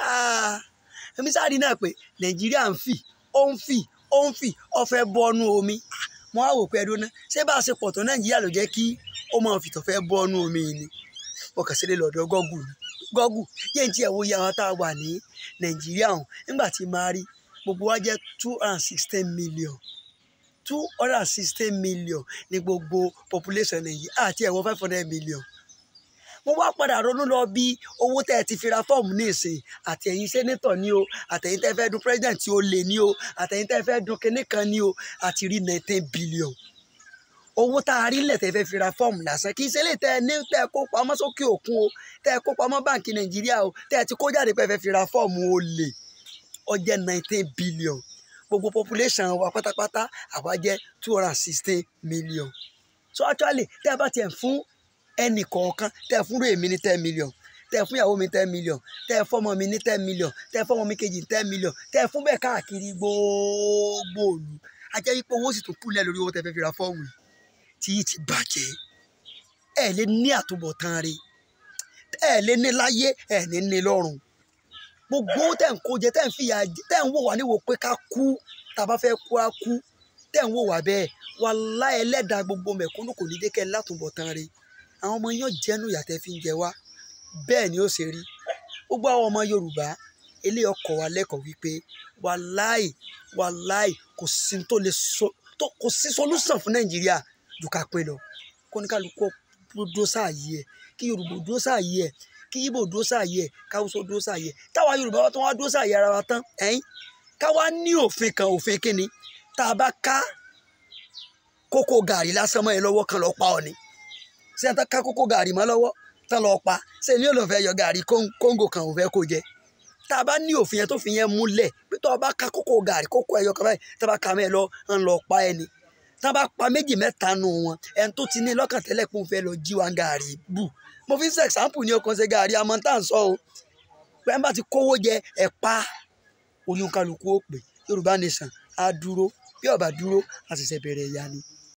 Ah, èmi sáà rí náà pé nàìjíríà ń fì ó ń fì ó ń fì ó fẹ́ bọ́nú omi ah, mo á wò pé ẹdún náà ṣé bá a ṣe pọ̀ tó nàìjíríà ló jẹ́ kí ó máa fìtọ̀ fẹ́ bọ́nú omi ni lọ́dọ̀ ni tí àwọn tá a wà ní nàìjíríà gbogbo wa jẹ́ two hundred and sixteen million two hundred and sixteen million gbogbo population nàìjíríà àti five hundred million mo wá padà ronú lọ bí owó tẹ́ ẹ ti fi ra fọ́ọ̀mù ní ìsìn àti ẹ̀yin sẹ́nẹ́tọ̀ ni o àtẹ̀yin tẹ́ fẹ́ dun president tí ó lè ní o àtẹ̀yin tẹ́ fẹ́ dun kinní kan ni o àti rí nineteen billion owó tá a rí lẹ̀ tẹ́ fẹ́ fi ra fọ́ọ̀mù lásán kì í ṣe lè tẹ́ ẹ ní tẹ́ ẹ kó pamọ́ sókè òkun o tẹ́ ẹ kó pamọ́ báǹkì nàìjíríà o tẹ́ ẹ ti kó jáde pé ẹ fẹ́ fi ra fọ́ọ̀mù o lè ó jẹ́ nineteen billion gbogbo population wa pátápátá àwa jẹ́ two hundred and sixteen million so actually tẹ́ ẹ bá tiẹ̀ fún ẹnì kọ̀ọ̀kan tẹ́ fún èmi ní ten million tẹ́ fún ìyàwó mi ten million tẹ́ fọ́mọ mi ní ten million tẹ́ fọ́mọ mi kejì ten million tẹ́ fún bẹ́ẹ̀ káàkiri gbogbo òlu ajẹ́ wípé owó sì tún kúlẹ̀ lórí owó tẹ́ fẹ́ fi ra fọ́ọ̀mù tí yìí ti bàjẹ́ ẹ lè ní àtúbọ̀tán rẹ̀ ẹ lè ní láyé ẹ ní ní lọ́run gbogbo tẹ̀ ń kó jẹ tẹ̀ ń fìyà jẹ tẹ̀ ń wò wá níwò pé ká kú tá a bá fẹ́ kú á kú tẹ̀ ń wò wá bẹ́ẹ̀ wàláhí ẹlẹ́dàá gbogbo mẹ̀kúnnù kò ní dé kẹ́ látúbọ̀tán rẹ̀ àwọn ọmọ yẹn jẹ́nu yàtẹ̀ fi ń jẹ wá bẹ́ẹ̀ ni ó ṣe rí gbogbo àwọn ọmọ Yorùbá ilé ọkọ̀ wa lẹ́kọ̀ọ́ wípé wàláì wàláì kò sí tó lè so kò sí solúsàn fún Nàìjíríà ju ká pín lọ kó ní kálukú dúró sáàyè ẹ kí Yorùbá dúró sáàyè ẹ kí Ìgbò dúró sáàyè ẹ káwùsọ dúró sáàyè ẹ táwa Yorùbá wa tó wá dúró sáàyè ara wa tán ẹ̀yìn káwa ní òfin kan òfin kínni tá a bá ká kókó gàrí lásán mọ́ ẹ lọ́wọ́ kan lọ́ọ́ pa ọ ni ṣé ẹ tán kakoko kókó gàrí mọ́ lọ́wọ́ tán lọ pa ṣé ilé òlò fẹ́ yọ gàrí kóńgò kan òun fẹ́ kó jẹ tá a bá ní òfin yẹn tó fi yẹn múlẹ̀ pé tó a bá ká kókó gàrí kókó ẹyọ kan báyìí tá a bá ka mẹ́ lọ ń lọ pa ẹni tá a bá pa méjì mẹ́ta nù wọn ẹni tó ti ní lọ́kàn tẹ́lẹ̀ pé òun fẹ́ lọ jí wa gàrí bù mo fi ń ṣe example ní ọkàn ṣe gàrí àmọ́ tá à ń sọ o pé ẹ bá ti kówó jẹ ẹ pa oyún kálukú ó pè Yorùbá nation á dúró bí ọba dúró àṣìṣe bẹ̀rẹ̀ ìyá ni.